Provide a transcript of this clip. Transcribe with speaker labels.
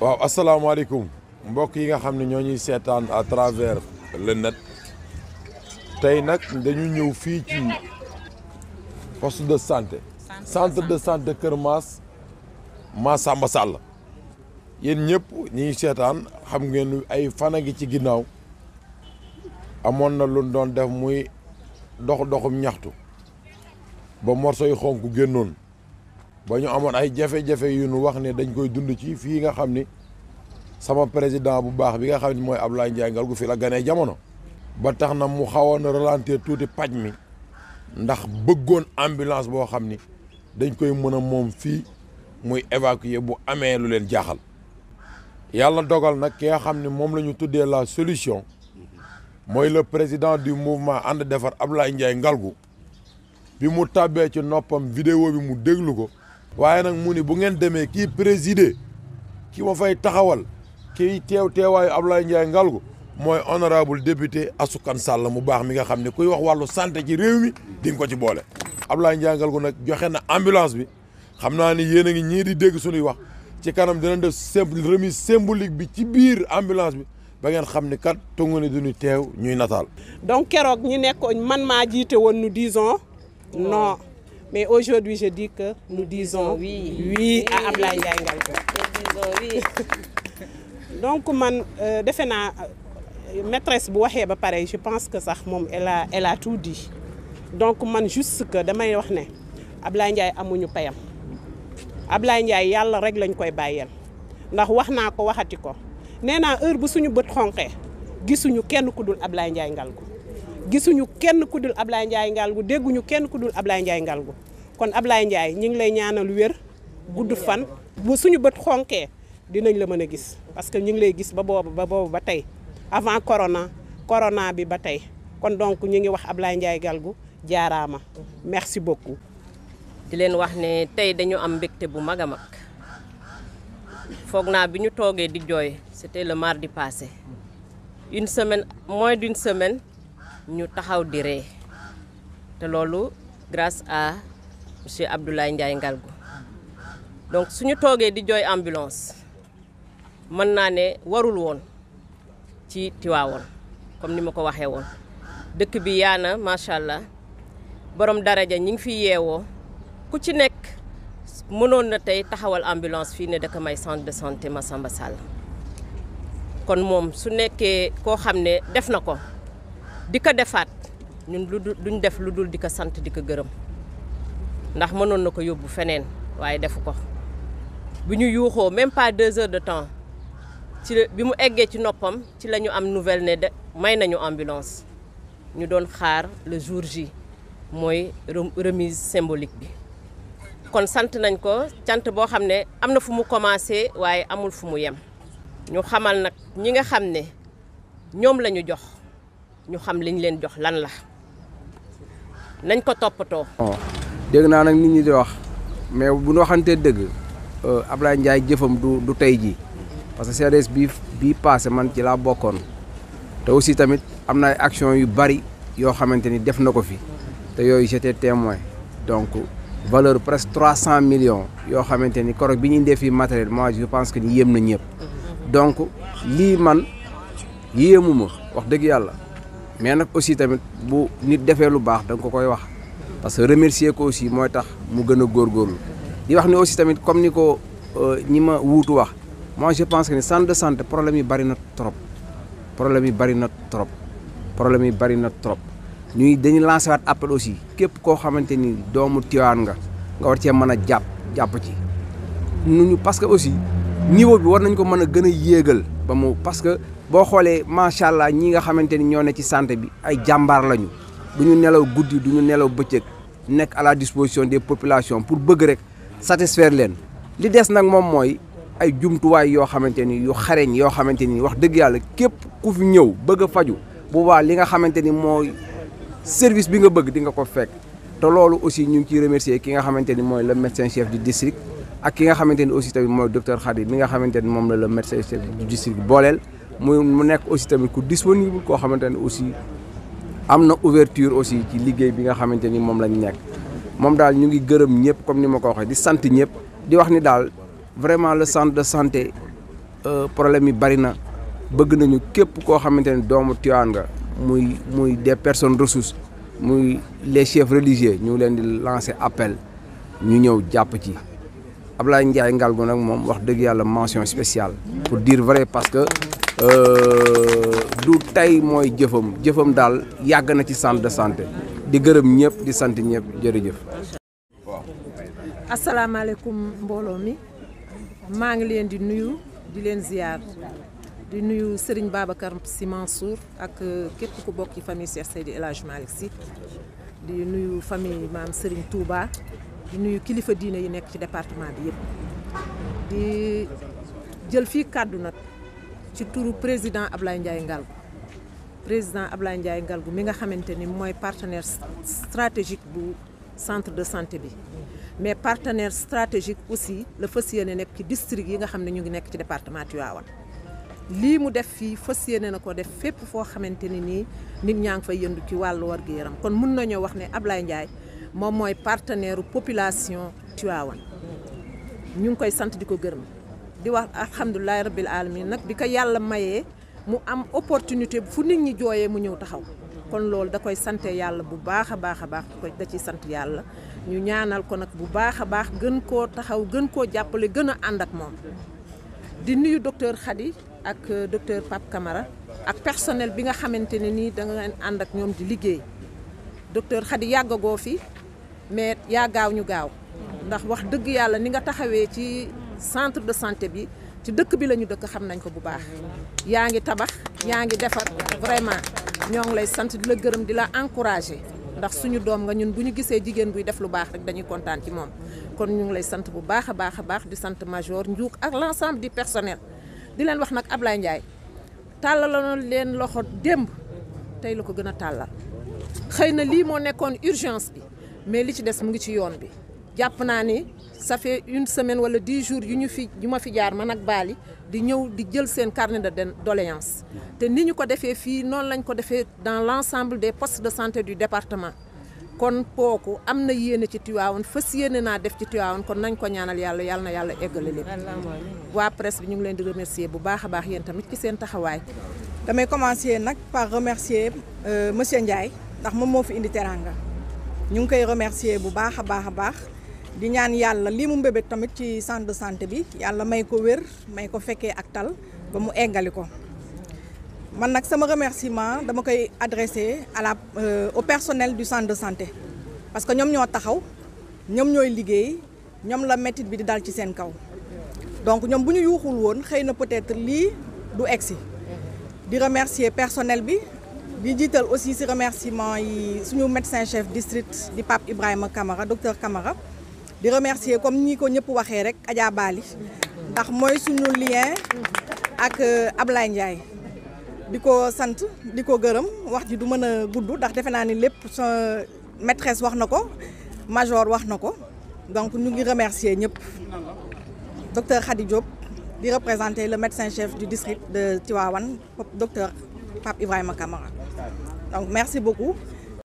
Speaker 1: waaw asalaamaaleykum mbokk yi nga xam ne ñoo ñuy seetaan à travers le net tey nag dañu ñëw fii ci poste de santé centre de santé Kër Maas sàmba sàll yéen ñëpp ñi ngi seetaan xam ngeen ay fan a ngi ci ginnaaw amoon na lu doon def muy dox doxum ñaxtu ba morso yu xonk génnoon ba ñu amoon ay jafe-jafe yu nu wax ne dañ koy dund ci fii nga xam ni sama président bu baax bi nga xam ni mooy Abdoulaye Ndiaye Ngalgou fii la ganee jamono. ba tax na mu xawoon a ralentir tuuti paj mi ndax bëggoon ambulance boo xam ni dañ koy mën a moom fii muy évacuer bu amee lu leen jaaxal. yàlla dogal nag ki nga xam ne moom la ñu tuddee la solution mooy le président du mouvement ànd defar Abdoulaye Ndiaye Ngalgou bi mu tàbbee ci noppam vidéo bi mu déglu ko. waaye nag mu bu ngeen demee kii présider ki ma fay taxawal kii teew teewaayu Abdoulaye Ndiaye Ngalgou mooy honorable député Assoukane Sall mu baax mi nga xam ne kuy wax wàllu santé ci réew mi di ko ci boole Abdoulaye Ndiaye Ngalgou nag joxe na ambulance bi xam naa ni yéen a ngi ñii di dégg suñuy wax ci kanam dinañ def simple remise symbolique bi ci biir ambulance bi ba ngeen xam ni kat tungu ni duñu teew ñuy nataal donc keroog ñi nekkoon man maa jiite woon nu disons non Mais
Speaker 2: aujourd'hui, je dis que nous, nous disons, disons oui, oui, oui à Ablaye
Speaker 3: Ndiaye
Speaker 2: Donc man euh, defe naa euh, maîtresse bu waxee ba pare je pense que sax moom elle a elle a tout dit donc man juste que damay wax ne Ablaye Ndiaye amuñu payam Ablaye Ndiaye yàlla rek lañ koy bàyyeel ndax wax naa ko waxati ko nee naa heure bu suñu bët xonqee gisuñu kenn ku dul Ablaye Ndiaye ko gisuñu kenn ku dul Ablaye Ndiaye Ngalgou dégguñu kenn ku dul Ablaye Ndiaye Ngalgou kon Ablaye Ndiaye ñu ngi lay ñaanal wér gudd fan bu suñu bët xonkee dinañ la mën a gis parce que ñu ngi lay gis ba boobu ba boobu ba tey avant corona corona bi ba
Speaker 4: tey kon donc ñu ngi wax Ablaye Ndiaye Ngalgou jaaraama merci beaucoup. di leen wax ne tey dañu am mbégte bu mag a mag foog naa bi ñu toogee di jooy c'était le mardi passé une semaine moins d'une semaine. ñu taxaw di ree te loolu grâce à monsieur Abdoulaye Ndiaye Ngalgou donc ñu toogee di jooy ambulance mën naa ne warul woon ci Tiwaawoon comme ni ma ko waxee woon dëkk bi yaa na macha allah borom daraja ñi ngi fi yeewoo ku ci nekk mënoon na tey taxawal ambulance fii ne daka may centre de santé Massamba Sall kon moom su nekkee koo xam ne def na ko di ko defaat ñun lu duñ def lu dul di ko sant di ko gërëm ndax mënoon na ko yóbbu feneen waaye defu ko bu ñu yuuxoo même pas deux heures de temps ci la bi mu eggee ci noppam ci la ñu am nouvelle ne de may nañu ambulance ñu doon xaar le jour J mooy remise symbolique bi kon sant nañ ko cant boo xam ne am na fu mu commencé waaye amul fu mu yem ñu xamal nag ñi nga xam ne ñoom la ñu jox ñu xam liñ leen jox lan la nañ ko toppatoo.
Speaker 5: dégg naa nag nit ñi di wax mais bu ñu waxantee dëgg euh, Ablaye Ndiaye jëfam du du tey jii parce que CRS bii bii passé man ci laa bokkoon te aussi tamit am na ay action yu bari yoo xamante ni def na ko fi te yooyu j'étais témoin donc valeur presque trois cent millions yoo xamante ni korog bi ñuy def fi matériel mois je pense que ni yem na ñëpp mm-hmm. donc lii man yéemu wax dëgg yàlla. mais nag aussi tamit bu nit defee lu baax da nga ko koy wax parce que remercier ko aussi mooy tax mu gën a góorgóorlu di wax ne aussi tamit comme ni ko euh, ñi ma wuutu wax moi je pense que ni centre de santé problème yi bari na trop problème yi bari na trop problème yi bari na trop ñuy dañu lancé waat appel aussi képp koo xamante ni doomu Tivaouane nga nga war cee mën a jàpp jàpp ci nuñu parce que aussi niveau bi war nañ ko mën a gën a yéegal ba mu parce boo xoolee macha allah ñi nga xamante ni ñoo ne ci santé bi ay jàmbaar lañu du ñu nelaw guddi du ñu nelaw bëccëg nekk à la disposition des populations pour bëgg rek satisfaire leen li des nag moom mooy ay jumtuwaay yoo xamante ni yu xareñ yoo xamante ni wax dëgg yàlla képp ku fi ñëw bëgg a faju bu baax li nga xamante ni mooy service bi nga bëgg di nga ko fekk te loolu aussi ñu ngi ciy remercier ki nga xamante ni mooy la médecin chef du district ak ki nga xamante ni aussi tamit mooy docteur Khady mi nga xamante ni moom la le médecin chef du mu mu nekk aussi tamit ku disponible koo xamante ne aussi am na ouverture aussi ci liggéey bi nga xamante ni moom lañ nekk moom daal ñu ngi gërëm ñëpp comme ni ma ko waxee di sant ñëpp di wax ni daal vraiment le centre de santé euh, problème yi bari na bëgg nañu képp koo xamante ne doomu Tivaouane nga muy muy personne personnes ressources muy les chefs religieux ñu leen di lancer appel ñu ñëw jàpp ci Ablaye Ndiaye Ngalgou nag moom wax dëgg yàlla mention spéciale pour dire vrai parce que Euh, du tey mooy jëfam jëfam daal yàgg na ci centre de santé di gërëm ñëpp di sant ñëpp jërëjëf.
Speaker 2: waaw. asalaamaaleykum mbooloo mi maa ngi leen di nuyu di leen ziar di nuyu Serigne Babacar Sy Mansour ak euh, képp ku bokk ci famille Cheikh Seydi El Hadj di nuyu famille maam Serigne Touba di nuyu kilifa diine yi nekk ci département bi yëpp di jël fii kàddu nag. ci turu président Ablaye Ndiaye Ngalgou président Ablaye Ndiaye Ngalgou mi nga xamante ni mooy partenaire stratégique bu centre de santé bi mais partenaire stratégique aussi la fas yéene nekk ci district yi nga xam ne ñu ngi nekk ci département Tivaouane lii mu def fii fas yéene na ko def fépp foo xamante ni nii nit ñaa ngi fay yëndu ci wàll war gi yaram kon mun nañoo wax ne Ablaye Ndiaye moom mooy partenaire population Tivaouane ñu ngi koy sant di ko gërëm di wax alhamdulilahi rabbil alamin nag bi ko yàlla mayee mu am opportunité fu nit ñi jooyee mu ñëw taxaw kon loolu da koy sante yàlla bu baax a baax a baax da ciy sant yàlla ñu ñaanal ko nag bu baax a baax gën koo taxaw gën koo jàppale gën a ànd ak moom di nuyu docteur Khady ak euh, docteur Pape Camara ak personnel bi nga xamante ne nii da leen ànd ak ñoom di liggéey docteur Khady yàggagoo fi mais yaa gaaw ñu gaaw ndax wax dëgg yàlla ni nga taxawee ci centre de santé bi ci dëkk bi la ñu dëkk xam nañ ko bu baax yaa ngi tabax yaa ngi defar vraiment ñoo ngi lay sant di la gërëm di la encourager ndax suñu doom nga ñun bu ñu gisee jigéen buy def lu baax rek dañuy kontaan ci moom kon ñu ngi lay sant bu baax a baax a baax di sant major njuuk ak l'ensemble du personnel di leen wax nag Ablaye Ndiaye tàllaloon leen loxo démb tey la ko gën a tàllal xëy na lii moo nekkoon urgence bi mais li ci des mu ngi ci yoon bi jàpp naa ni ça fait une semaine wala dix jours yu ñu fi yu ma fi jaar man ak Bali di ñëw di jël seen karne de doléance te ni ñu ko defee fii noonu lañ ko defee dans l'ensemble des postes de santé du département kon kooku am na yéene ci Tivaouane fas yéene naa def ci Tivaouane kon nañ ko ñaanal yàlla yàlla na yàlla eggale lépp waa presse bi ñu ngi leen di remercier
Speaker 3: bu baax a baax yéen tamit ci seen taxawaay damay commencer nag par remercier euh, monsieur Ndiaye ndax moom moo fi indi teranga ngi koy remercier bu baax a baax a baax di ñaan yàlla lii mu mbébét tamit ci centre de santé bi yàlla may ko wér may ko fekkee ak tal ba mu eggali ko man nag sama remerciement dama koy adressé à la euh, au personnel du centre de santé parce que ñoom ñoo taxaw ñoom ñooy liggéey ñoom la métit bi di dal ci seen kaw donc ñoom bu ñu yuuxul woon xëy na peut-être lii du egsi di remercier personnel bi di jiital aussi ci remerciement yi suñu médecin chef district di Pape Ibrahima Camara docteur Camara di remercier comme ñi ko ñëpp waxee rek Adja Bali ndax mooy suñu lien ak euh, Ablaye Ndiaye di ko sant di ko gërëm wax ji du mën a gudd ndax defe naa ni lépp sa maîtresse wax na ko major wax na ko donc ñu ngi remercier ñëpp docteur Khady Diop di représenter le médecin chef du district de Tivaouane docteur Pape Ibrahima Kamara donc merci beaucoup